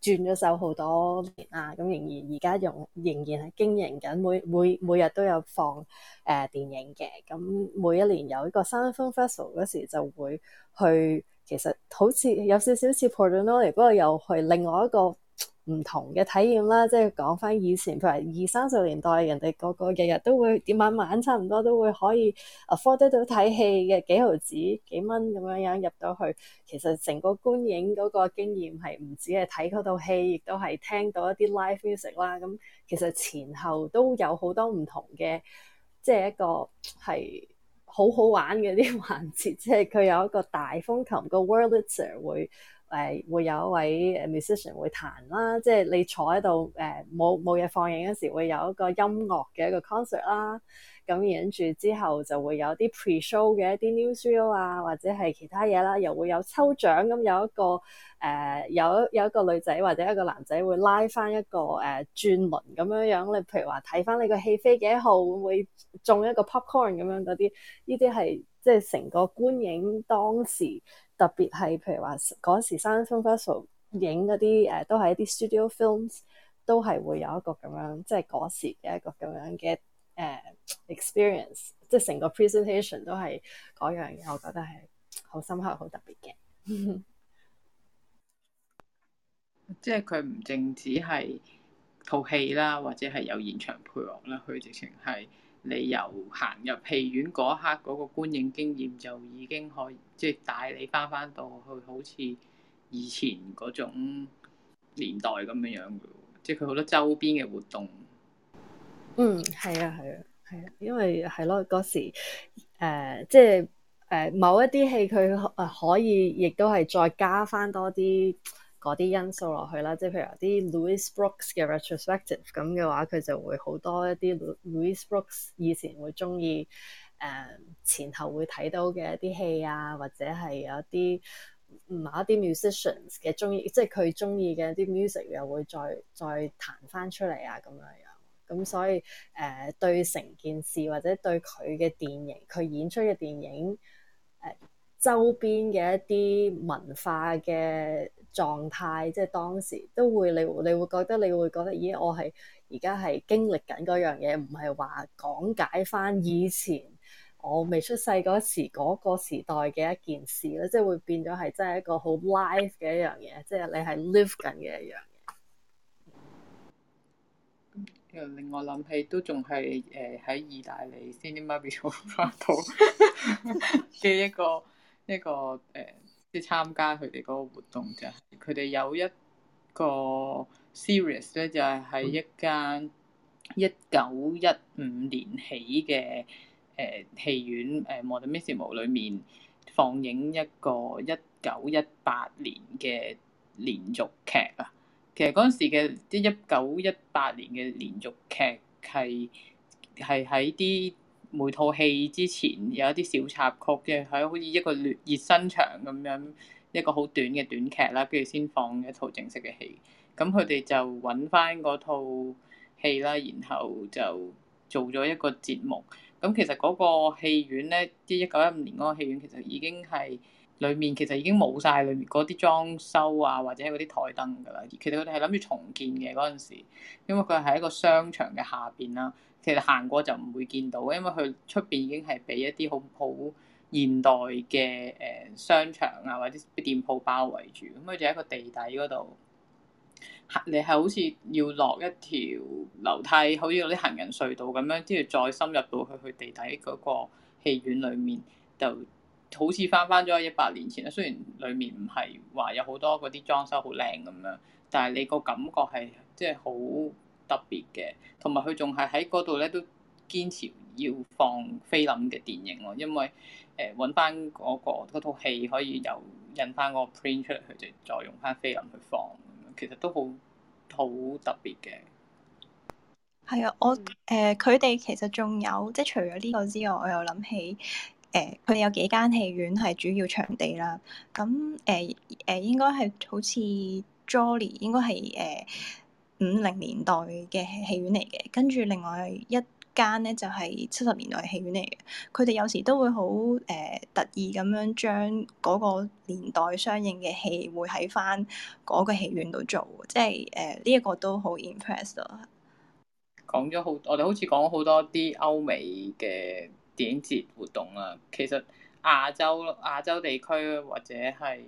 轉咗手好多年啦，咁仍然而家用，仍然係經營緊，每每每日都有放誒、呃、電影嘅。咁每一年有一個三峰 festival 嗰時就會去，其實好似有少少似 Portonoli，不過又去另外一個。唔同嘅體驗啦，即係講返以前，譬如二三十年代，人哋個個日日都會點，晚晚差唔多都會可以 afford 得到睇戲嘅幾毫子、幾蚊咁樣樣入到去。其實成個觀影嗰個經驗係唔止係睇嗰套戲，亦都係聽到一啲 live music 啦。咁、嗯、其實前後都有好多唔同嘅，即係一個係好好玩嘅啲環節。即係佢有一個大風琴個 Wurlitzer 誒、呃、會有一位誒 musician 會彈啦，即係你坐喺度誒冇冇嘢放映嗰時，會有一個音樂嘅一個 concert 啦。咁然住之後就會有啲 pre-show 嘅一啲 newsreel 啊，或者係其他嘢啦，又會有抽獎咁、嗯、有一個誒、呃、有有一個女仔或者一個男仔會拉翻一個誒、呃、轉輪咁樣樣，你譬如話睇翻你個戲飛幾號會唔會中一個 popcorn 咁樣嗰啲，呢啲係即係成個觀影當時。特別係譬如話嗰時 Universal 影嗰啲誒，都係一啲 studio films，都係會有一個咁樣，即係嗰時嘅一個咁樣嘅誒、uh, experience，即係成個 presentation 都係嗰樣嘢，我覺得係好深刻、好特別嘅。 即係佢唔淨止係套戲啦，或者係有現場配樂啦，佢直情係。你由行入戲院嗰刻，嗰個觀影經驗就已經可以，即係帶你翻翻到去好似以前嗰種年代咁樣樣嘅，即係佢好多周邊嘅活動。嗯，係啊，係啊，係啊，因為係咯，嗰時、呃、即係誒、呃、某一啲戲，佢可以，亦都係再加翻多啲。嗰啲因素落去啦，即係譬如啲 Louis Brooks 嘅 retrospective 咁嘅話，佢就會好多一啲 Louis Brooks 以前會中意誒前後會睇到嘅一啲戲啊，或者係有啲某一啲 musicians 嘅中意，即係佢中意嘅一啲 music 又會再再彈翻出嚟啊，咁樣樣。咁所以誒、呃、對成件事或者對佢嘅電影，佢演出嘅電影誒、呃、周邊嘅一啲文化嘅。狀態即係當時都會你會你會覺得你會覺得咦，我係而家係經歷緊嗰樣嘢，唔係話講解翻以前我未出世嗰時嗰個時代嘅一件事咧，即係會變咗係真係一個好 live 嘅一樣嘢，即係你係 live 緊嘅一樣嘢。又令我諗起都仲係誒喺意大利 Cinema Boccato 嘅一個一個誒。即係參加佢哋嗰個活動就係，佢哋有一個 series 咧，就係喺一間一九一五年起嘅，誒戲院，誒莫德密斯舞裏面放映一個一九一八年嘅連續劇啊。其實嗰陣時嘅啲一九一八年嘅連續劇係係喺啲。每套戲之前有一啲小插曲，嘅，係好似一個熱身場咁樣，一個好短嘅短劇啦，跟住先放一套正式嘅戲。咁佢哋就揾返嗰套戲啦，然後就做咗一個節目。咁其實嗰個戲院咧，即係一九一五年嗰個戲院，其實已經係。裡面其實已經冇晒裡面嗰啲裝修啊，或者嗰啲枱燈㗎喇，其實佢哋係諗住重建嘅嗰陣時，因為佢係喺一個商場嘅下邊啦。其實行過就唔會見到，因為佢出邊已經係畀一啲好好現代嘅誒商場啊，或者店鋪包圍住，咁佢就喺一個地底嗰度。你係好似要落一條樓梯，好似有啲行人隧道咁樣，之後再深入到去去地底嗰個戲院裡面就。好似翻翻咗一百年前啦，雖然裡面唔係話有好多嗰啲裝修好靚咁樣，但係你個感覺係即係好特別嘅。同埋佢仲係喺嗰度咧，都堅持要放菲林嘅電影咯。因為誒揾翻嗰個套戲可以又印翻個 print 出嚟，佢就再用翻菲林去放，其實都好好特別嘅。係啊，我誒佢哋其實仲有即係除咗呢個之外，我又諗起。誒，佢哋有幾間戲院係主要場地啦。咁誒誒，應該係好似 Jolie，應該係誒五零年代嘅戲院嚟嘅。跟住另外一間咧，就係七十年代嘅戲院嚟嘅。佢哋有時都會好誒、呃、特意咁樣將嗰個年代相應嘅戲，會喺翻嗰個戲院度做。即係誒呢一個都好 impress 咯。講咗好，我哋好似講咗好多啲歐美嘅。電影節活動啊，其實亞洲、亞洲地區或者係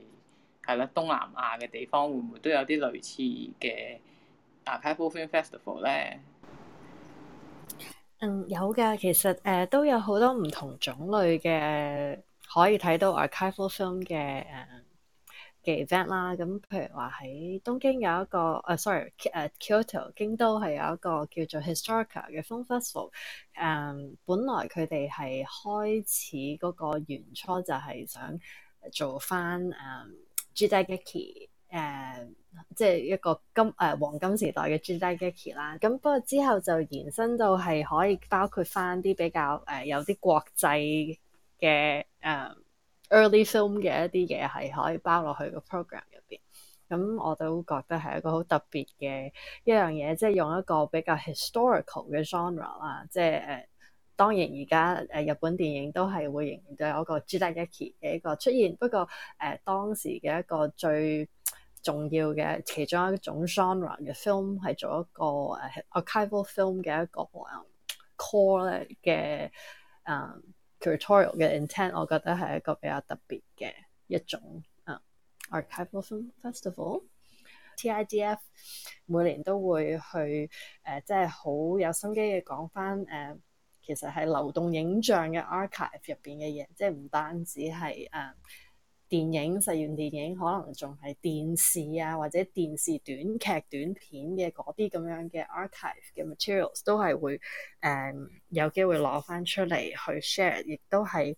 係啦東南亞嘅地方，會唔會都有啲類似嘅 archival film festival 咧？嗯，有㗎，其實誒、呃、都有好多唔同種類嘅可以睇到 archival film 嘅誒。呃嘅 event 啦，咁譬如話喺東京有一個，誒、啊、sorry 誒 Kyoto 京都係有一個叫做 Historica 嘅 Film Festival，嗯。誒，本來佢哋係開始嗰個原初就係想做翻誒、嗯、jidaigeki 誒即係一個金誒、啊、黃金時代嘅 jidaigeki 啦。咁不過之後就延伸到係可以包括翻啲比較誒、呃、有啲國際嘅誒。嗯 Early film 嘅一啲嘢係可以包落去個 program 入邊，咁我都覺得係一個好特別嘅一樣嘢，即係用一個比較 historical 嘅 genre 啦，即係誒當然而家誒日本電影都係會仍然有一個 jidaigeki 嘅一個出現，不過誒、呃、當時嘅一個最重要嘅其中一種 genre 嘅 film 係做一個誒 archival film 嘅一個啊、嗯、core 咧嘅誒。嗯 Curatorial 嘅 intent，我覺得係一個比較特別嘅一種啊、uh，archive film festival，TIDF 每年都會去誒，即係好有心機嘅講返誒，其實係流動影像嘅 archive 入邊嘅嘢，即係唔單止係啊。呃電影、實驗電影可能仲係電視啊，或者電視短劇、短片嘅嗰啲咁樣嘅 archive 嘅 materials 都係會誒、嗯、有機會攞翻出嚟去 share，亦都係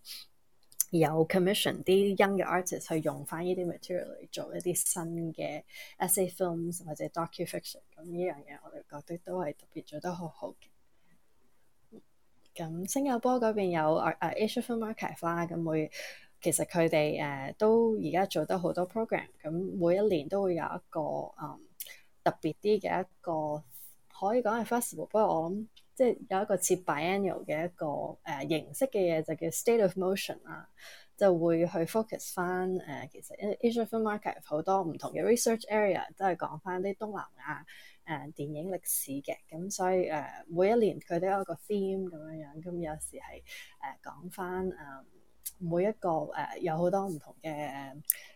有 commission 啲音嘅 artist 去用翻呢啲 material 做一啲新嘅 essay films 或者 docu fiction 咁呢樣嘢我哋覺得都係特別做得好好嘅。咁新加坡嗰邊有誒誒 Asia Film Market 啦，咁、啊啊嗯、會。其實佢哋誒都而家做得好多 program，咁每一年都會有一個誒、嗯、特別啲嘅一個可以講係 festival，不過我諗即係有一個似 biennial 嘅一個誒、呃、形式嘅嘢，就叫 state of motion 啊，就會去 focus 翻誒、呃、其實 Asian Film Market 好多唔同嘅 research area 都係講翻啲東南亞誒、呃、電影歷史嘅，咁所以誒、呃、每一年佢都有一個 theme 咁樣樣，咁有時係誒、呃、講翻誒。呃每一個誒、uh, 有好多唔同嘅、uh,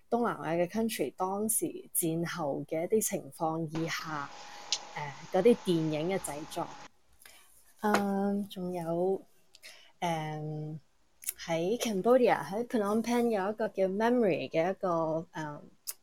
東南亞嘅 country，當時戰後嘅一啲情況以下，誒、uh, 啲電影嘅製作。誒、uh，仲、uh, 有誒喺 Cambodia 喺 Phnom Penh 有一個叫 Memory 嘅一個誒。Uh,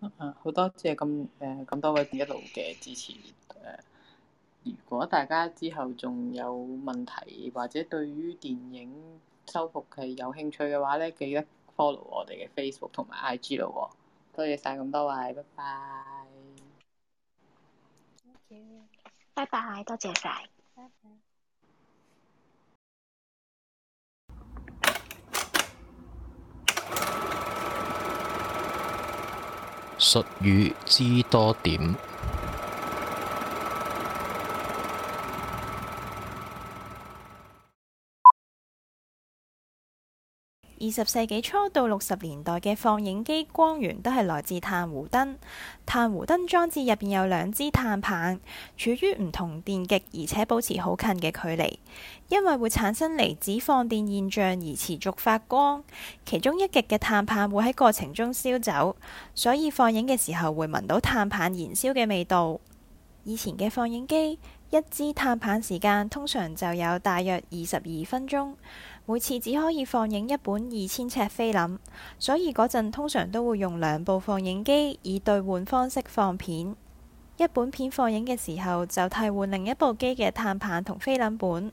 好多謝咁誒咁多位一路嘅支持。如果大家之後仲有問題或者對於電影修復係有興趣嘅話咧，記得 follow 我哋嘅 Facebook 同埋 IG 咯喎。多謝晒咁多位，拜拜。拜拜，多謝晒！《術語知多點。二十世紀初到六十年代嘅放映機光源都係來自碳弧燈。碳弧燈裝置入邊有兩支碳棒，處於唔同電極，而且保持好近嘅距離，因為會產生離子放電現象而持續發光。其中一極嘅碳棒會喺過程中燒走，所以放映嘅時候會聞到碳棒燃燒嘅味道。以前嘅放映機一支碳棒時間通常就有大約二十二分鐘。每次只可以放映一本二千尺菲林，所以嗰陣通常都會用兩部放映機以兌換方式放片。一本片放映嘅時候，就替換另一部機嘅碳棒同菲林本。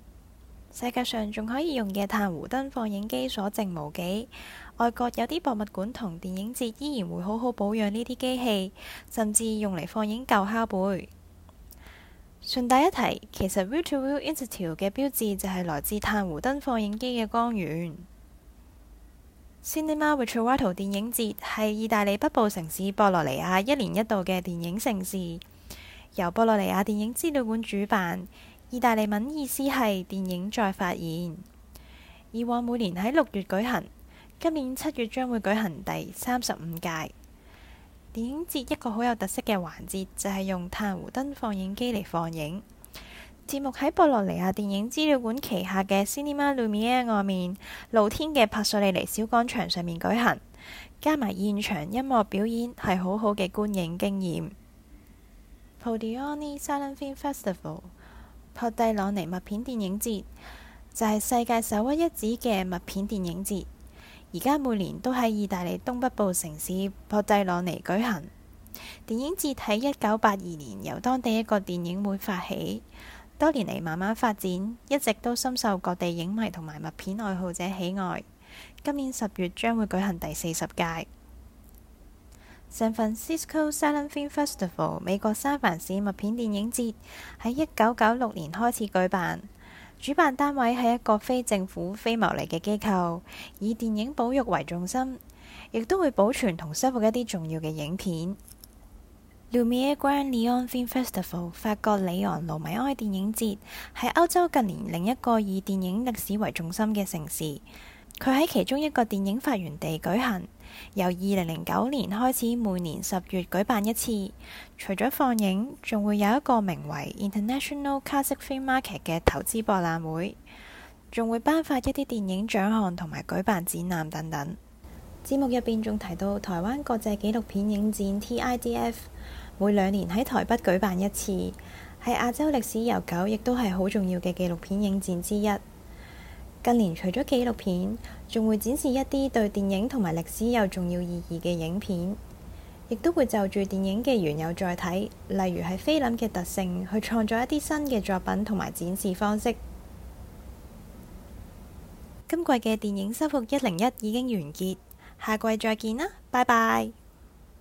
世界上仲可以用嘅碳弧燈放映機所剩無幾，外國有啲博物館同電影節依然會好好保養呢啲機器，甚至用嚟放映舊拷貝。順帶一提，其實 View to View Institute 嘅標誌就係來自碳弧燈放映機嘅光源。Cinema Ritrovato 電影節係義大利北部城市博洛尼亞一年一度嘅電影盛事，由博洛尼亞電影資料館主辦。義大利文意思係電影再發現。以往每年喺六月舉行，今年七月將會舉行第三十五屆。影節一個好有特色嘅環節就係、是、用炭弧燈放映機嚟放映節目，喺博洛尼亞電影資料館旗下嘅 Cinema Lumiere 外面，露天嘅帕索利尼小廣場上面舉行，加埋現場音樂表演，係好好嘅觀影經驗。Pordenone Silent Film Festival（ 博蒂朗尼默片電影節）就係、是、世界首屈一指嘅默片電影節。而家每年都喺意大利東北部城市博濟羅尼舉行。電影節喺一九八二年由當地一個電影會發起，多年嚟慢慢發展，一直都深受各地影迷同埋默片愛好者喜愛。今年十月將會舉行第四十屆。San Francisco Silent Film Festival 美國三藩市默片電影節喺一九九六年開始舉辦。主辦單位係一個非政府非牟利嘅機構，以電影保育為重心，亦都會保存同修復一啲重要嘅影片。Lumière Grand Lyon Film Festival 法國里昂盧米埃電影節係歐洲近年另一個以電影歷史為重心嘅城市，佢喺其中一個電影發源地舉行。由二零零九年開始，每年十月舉辦一次。除咗放映，仲會有一個名為 International Classic Film Market 嘅投資博覽會，仲會頒發一啲電影獎項同埋舉辦展覽等等。節目入邊仲提到台灣國際紀錄片影展 TIDF，每兩年喺台北舉辦一次，係亞洲歷史悠久亦都係好重要嘅紀錄片影展之一。近年除咗紀錄片，仲會展示一啲對電影同埋歷史有重要意義嘅影片，亦都會就住電影嘅原有載體，例如係菲林嘅特性，去創作一啲新嘅作品同埋展示方式。 今季嘅電影修復一零一已經完結，下季再見啦，拜拜。